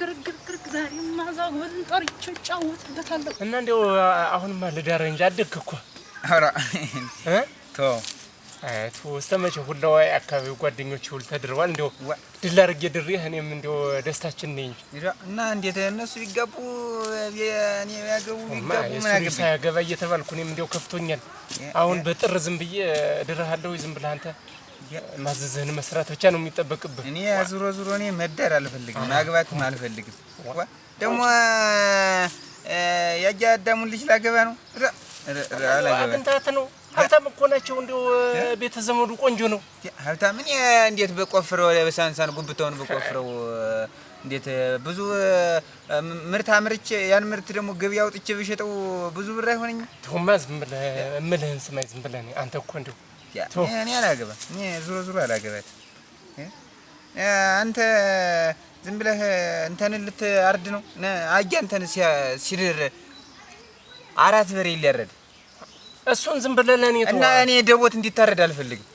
ግርግርግርግ ዛሬማ ዛጉን ጠርቼ እጫወትበታለሁ። እና እንዲያው አሁንማ ልዳርህ እንጂ አደግክ እኮ። ኧረ ተው ሁላ አካባቢ ጓደኞች ሁሉ ተድረዋል። እንዲያው ድል አድርጌ ድሬህ እኔም እንዲያው ደስታችን ነኝ እንጂ እና እንዴት እነሱ ቢጋቡ እኔ ያገቡ ሳያገባ እየተባልኩ እኔም እንዲያው ከፍቶኛል። አሁን በጥር ዝም ብዬ ድረሃለሁ ዝም ብለህ አንተ ማዘዝህን መስራት ብቻ ነው የሚጠበቅብህ። እኔ ዙሮ ዙሮ እኔ መዳር አልፈልግም፣ ማግባትም አልፈልግም። ደግሞ ያያ አዳሙን ልጅ ላገባ ነው አግኝታት ነው። ሀብታም እኮ ናቸው። እንዲያው ቤተ ዘመዱ ቆንጆ ነው ሀብታም። እኔ እንዴት በቆፍረው በሳንሳን ጉብተውን በቆፍረው እንዴት ብዙ ምርት አምርቼ ያን ምርት ደግሞ ገበያ አውጥቼ ብሸጠው ብዙ ብር አይሆነኝም። ተውማ ዝም ብለህ እምልህን ስማኝ፣ ዝም ብለህ አንተ እኮ እንዲያው ኢትዮጵያ እኔ አላገባ እኔ ዙሮ ዙሮ አላገባት። አንተ ዝም ብለህ ልትአርድ ነው አያ እንተን ሲድር አራት በሬ ሊያረድ እሱን ዝም ብለህ እና እኔ ደቦት እንዲታረድ አልፈልግም።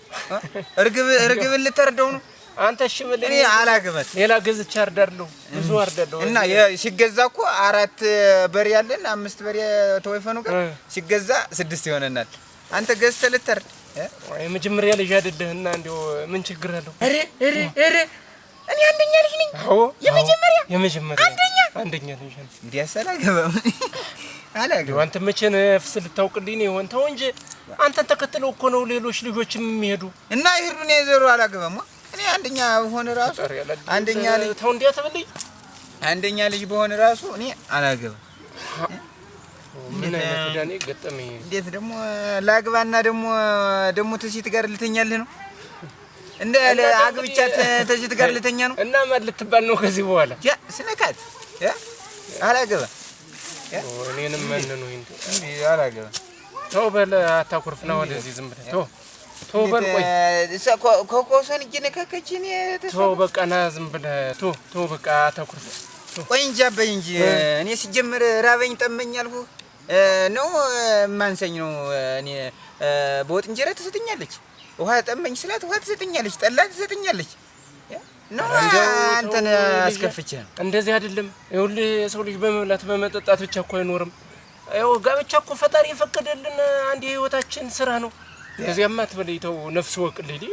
እርግብ እርግብን ልታረደው ነው አንተ እሺ እኔ አላገባት። ሌላ ገዝቼ አርዳለሁ ብዙ አርዳለሁ። እና ሲገዛ እኮ አራት በሬ ያለን አምስት በሬ ተወይፈኑ ጋር ሲገዛ ስድስት ይሆነናል። አንተ ገዝተህ የመጀመሪያ ልጅ አይደለህና እንደው ምን ችግር አለው? እኔ አንደኛ ልጅ ነኝ። አዎ የመጀመሪያ የመጀመሪያ አንደኛ አንደኛ ልጅ ነኝ። እንዲያስ አላገባም አላገባም። አንተ ልታውቅልኝ ይሆን? ተው እንጂ አንተን ተከትለው እኮ ነው ሌሎች ልጆችም የሚሄዱ እና ይሄዱ ነው የዘሩ አላገባም። እኔ አንደኛ ሆነ ራሱ አንደኛ ልጅ ተው እንዲያ አንደኛ ልጅ በሆነ ራሱ እኔ አላገባም ምን አይነት ዳኔ ገጠመኝ። እንዴት ደግሞ ላግባና ደግሞ ደግሞ ትሲት ጋር ልተኛልህ ነው እንደ አግብቻት ተዚት ጋር ልተኛ ነው እና ማን ልትባል ነው ከዚህ በኋላ? ያ ስነካት አላገባ እኔንም መንኑ አላገባ ተው በል አታኩርፍ ነው ወደዚህ ዝም ብለህ ተው ተው በል ቆይ ኮኮሶን እየነካከች እኔ ተው በቃ ና ዝም ብለህ ተው ተው በቃ አታኩርፍ ቆይ እንጂ አበይ እንጂ እኔ ሲጀምር ራበኝ ጠመኝ አልኩህ። ነው ማንሰኝ ነው። እኔ በወጥ እንጀራ ትሰጠኛለች፣ ውሃ ጠመኝ ስላት ውሃ ትሰጠኛለች፣ ጠላ ትሰጠኛለች። ነው አንተን አስከፍቼ ነው። እንደዚህ አይደለም። ይኸውልህ የሰው ልጅ በመብላት በመጠጣት ብቻ እኮ አይኖርም። ይኸው ጋብቻ እኮ ፈጣሪ የፈቀደልን አንድ የህይወታችን ስራ ነው። ከዚያማ አትበለኝ፣ ነፍስ ወቅልኝ።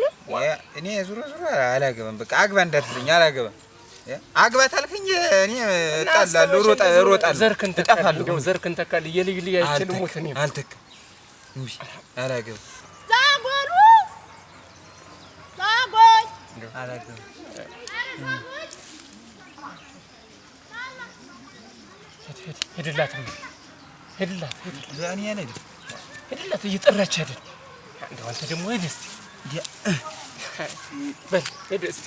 እኔ ዙሮ ዙሮ አላገባም፣ በቃ አግባ እንዳትለኝ፣ አላገባም አግባት አልከኝ። እኔ እጣላለሁ፣ እሮጣለሁ፣ ዘርክን እጠፋለሁ። ዘርክን ተካልኝ የልዩ ልዩ አይችልም። ሞት እኔ አልተካም። እምቢ አላገባም። ዛጎሉ ዛጎል አላገባም። ሄድላት ሄድላት ሄድላት እየጠራች አይደል? እንደው አንተ ደግሞ ሂድ እስኪ በል ሂድ እስኪ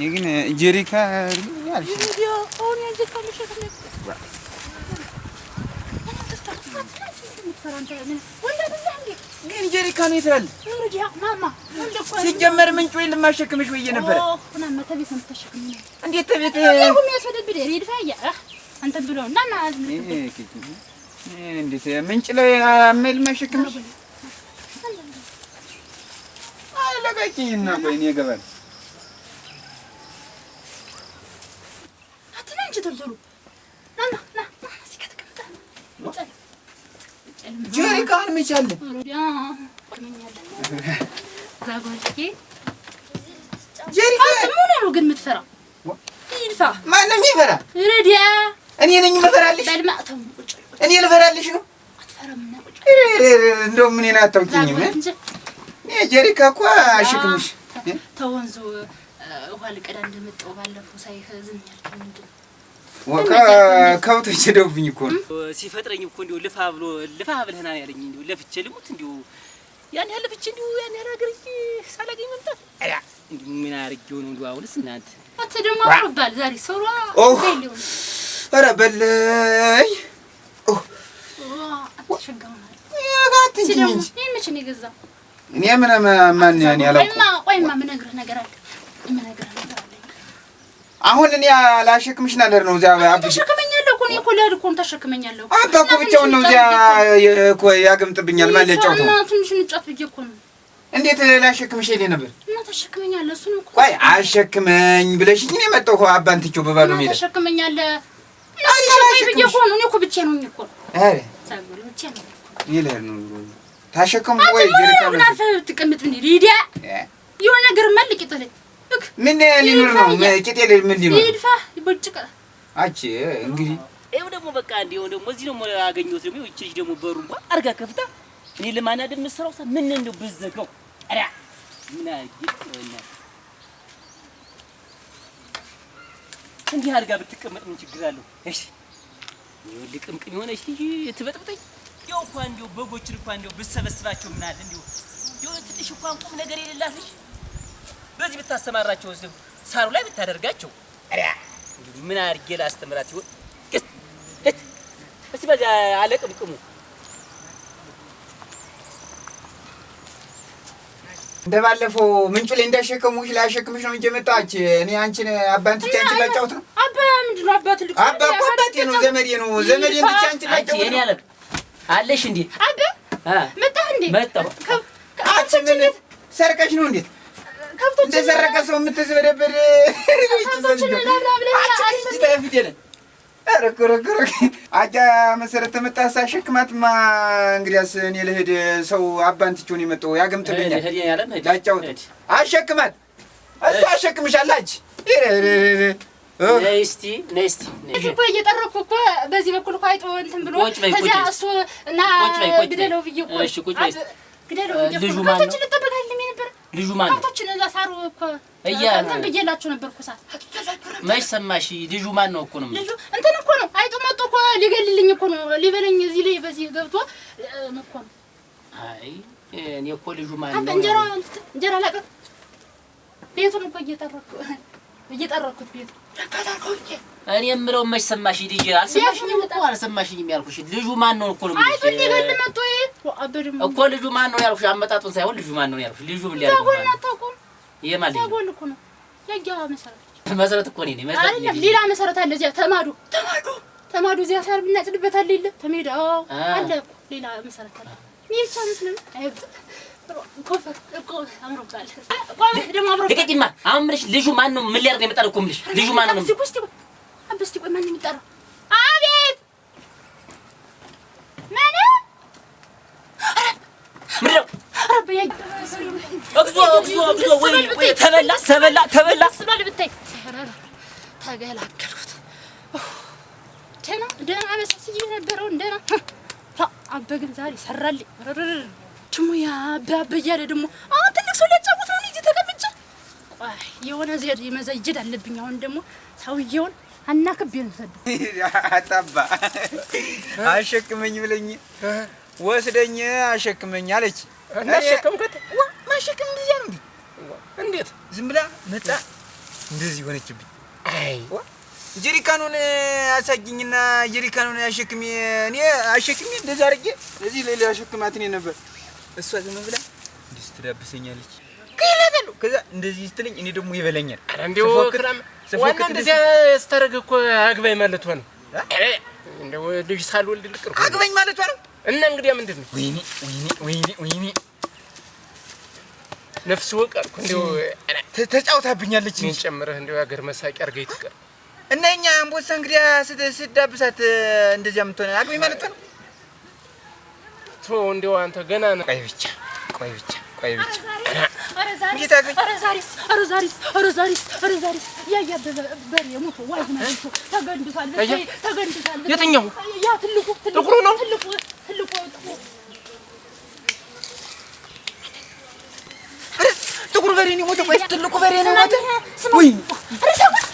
ግን ጀሪካ ግን ጀሪካ ነው የትላል? ሲጀመር ምንጭ ወይ ልማሸክምሽ ወይ ነበረ እንዴት ተቤት እንዴት ምንጭ ላይ አመል ማሸክምሽ አለቃቂ እና ቆይ አንቺ ተልተሉ ጀሪካን ምቻለ ግን የምትፈራ የሚፈራ? እኔ ነኝ የምፈራልሽ። እኔ ልፈራልሽ ነው? አታውቂኝም። ጀሪካ እኮ አሽክምሽ ተወንዙ ውሃ ልቀዳ እንደመጣሁ ባለፈው ሳይህ ዝም ያልከኝ ከብቶች ደውብኝ እኮ ነው ሲፈጥረኝ እኮ እንዲሁ ልፋ ብሎ ልፋ ብለህና ያለኝ እንዲሁ ለፍቼ ልሙት እንዲሁ ያን ያህል ለፍቼ እንዲሁ ያን ያህል ሀገር ሳላገኝ መምጣት እንዲሁ ምን አድርጌው ነው እንዲሁ አሁንስ እናንተ አንተ ደግሞ አምሮብሃል ዛሬ ሰሯ ኧረ በለኝ አትሸገምናል ይህ መቼ ነው የገዛው እኔ ምንም ማን ያኔ አላውቅም አሁን እኔ ላሸክምሽ ነገር ነው። እዚያ ተሸክመኛለሁ እኮ እኔ እኮ ልሄድ ነው እዚያ እኮ ያገምጥብኛል ማለት ጫውቶ እኮ እንዴት ላሸክምሽ ሄዴ ነበር እና እሱ ነው እኮ ቆይ አሸክመኝ ብለሽኝ እኔ መጣሁ እኮ አባን ትቼው በባዶ ሜዳ ተሸክመኛለህ። እኔ እኮ እኔ እኮ ብቻ እኮ አይ ነው ነው ወይ ምን የሆነ ነገር መልቅ ይጥልህ ምን ሊኖር ነው? ቄጤ ምን አቺ እንግዲህ ይኸው ደግሞ በቃ እንዲሁ ደግሞ እዚህ ደግሞ አገኘሁት ደግሞ ይቺ ደግሞ በሩ እንኳን አድርጋ ከፍታ እኔ ለማናደድ የምትሰራው ሰ- ምን እንደው ብዘጋው ኧረ ምን አድርጌ እንዲህ አድርጋ ብትቀመጥ ምን ችግር አለው? እሺ ይኸው ልቅምቅም የሆነች ልጅ ትበጥብጠኝ ይኸው እንኳን እንዲሁ በጎችን እንኳን እንዲሁ ብትሰበስባቸው ምን አለ እንዲሁ ይኸው ትንሽ እንኳን ቁም ነገር የሌላት ልጅ በዚህ ብታሰማራቸው እዚህ ሳሩ ላይ ብታደርጋቸው ምን አድርጌ ላስተምራት ይሆን? እስቲ በዛ አለቅም ቅሙ እንደ ባለፈው ምንጩ ላይ እንዳሸከሙሽ ላሸክምሽ ነው እንጂ የመጣች እኔ አንቺን አባን ትቼ አንቺን ላጫውት ነው። አባ ምንድን ነው አባት ልጅ አባ እኮ አባቴ ነው፣ ዘመዴ ነው። ዘመዴን ትቼ አንቺን ላጫውት እኔ ያለ አለሽ እንዴ? አባ መጣህ እንዴ? መጣሁ። አንቺ ምን ሰርቀሽ ነው እንዴት እንደሰረቀ ሰው የምትዝበደበድ መሰረት ተመጣ ሳሸክማትማ እንግዲያስ እኔ ልሂድ። ሰው አባን ትቼው ነው ላጫውት። አሸክማት እሱ አሸክምሻለሁ። አጅ እስቲ እኮ እየጠረኩ እኮ በዚህ በኩል እኮ አይጦ እንትን ብሎ ከዚያ እሱ እና ግደለው ብዬሽ ግደለው ብዬሽ እኮ ልጠበቅ ልጁ ማነው? ከብቶችን እዛ ሳሩ እኮ እንትን ብዬላችሁ ነበር እኮ ሳት መች ሰማሽ? ልጁ ማነው እኮ ነው ልጁ እንትን እኮ ነው። አይጡ መጡ እኮ ሊገልልኝ እኮ ነው ሊበለኝ እዚህ ላይ በዚህ ገብቶ እኮ ነው። አይ እኔ እኮ ልጁ ማነው? አንተ እንጀራ እንጀራ ላቀ ቤቱን እኮ እየጠረኩ እየጠረኩት ቤት እኔ የምለው መች ሰማሽ? ልጅ አልሰማሽኝም እኮ አልሰማሽኝም ያልኩሽ። ልጁ ማን ነው እኮ ነው እኮ ልጁ ማን ነው ያልኩሽ? አመጣጡን ሳይሆን ልጁ ማን ነው ያልኩሽ። ልጁ መሰረት እኮ ነው ሌላ መሰረት አለ እዚያ ተማዱ ተማዱ ተማዱ እዚያ ሳር ብናጭድበት አለ የለም ተሜዳ አለ ሌላ መሰረት አለ ልቀቂማ አሁን የምልሽ ልጁ ማን ነው? ምን ሊያደርግ የመጣ እኮ የምልሽ ልጁ ማን ነው? አንበስቲ ቆይ፣ ማን የሚጠራው? አቤት ማን ምንድነው? እግዚኦ እግዚኦ ተበላ ተበላ ተበላ ብታይ ተገላገልኩት። ደህና ደህና መሳስዬ ነበረውን ደህና አበ ዛሬ ሰራልኝ። ደግሞ ያ አባዬ አለ ደግሞ አሁን ትልቅ ሰው ሊያጫውት ነው እዚህ ተቀምጬ። ቆይ የሆነ ዘዴ መዘየድ አለብኝ። አሁን ደግሞ ሰውዬውን አናክብ ይንሰድ አጣባ አሸክመኝ ብለኝ ወስደኝ አሸክመኝ አለች። እናሸከምከት ዋ ማሸከም እንደዚያ ነው እንዴ? እንዴት ዝም ብላ መጣ እንደዚህ ሆነችብኝ። አይ ጀሪካኑን አሳጅኝና ጀሪካኑን አሸክሜ እኔ አሸክሜ እንደዛ አድርጌ እዚህ ላይ አሸክማት እኔ ነበር እሷ ዝም ብላ እንዲህ ስትዳብሰኛለች። ከዛ እንደዚህ ስትለኝ እኔ ደግሞ ይበለኛል። ኧረ ክራም ዋና እንደዚህ ስታደርግ እኮ አግባኝ ማለት ሆነ እንደው ልጅ ሳልወልድ ልቅር አግባኝ ማለት ሆነ እና እንግዲያ ምንድን ነው? ወይኔ ወይኔ ወይኔ ወይኔ ነፍስ ወቀር እንደው ተጫውታብኛለች። እኔን ጨምረህ እንደው ሀገር መሳቂያ አድርገህ ትቀር እና እኛ አንበሳ እንግዲያ ስዳብሳት እንደዚያ የምትሆነ አግባኝ ማለት ሆነ ቶ እንደው አንተ ገና ነው። ቆይ ብቻ ቆይ ብቻ ቆይ ብቻ የትኛው ጥቁሩ ነው? ጥቁር በሬ ነው የሞተው ወይስ ትልቁ በሬ ነው የሞተው?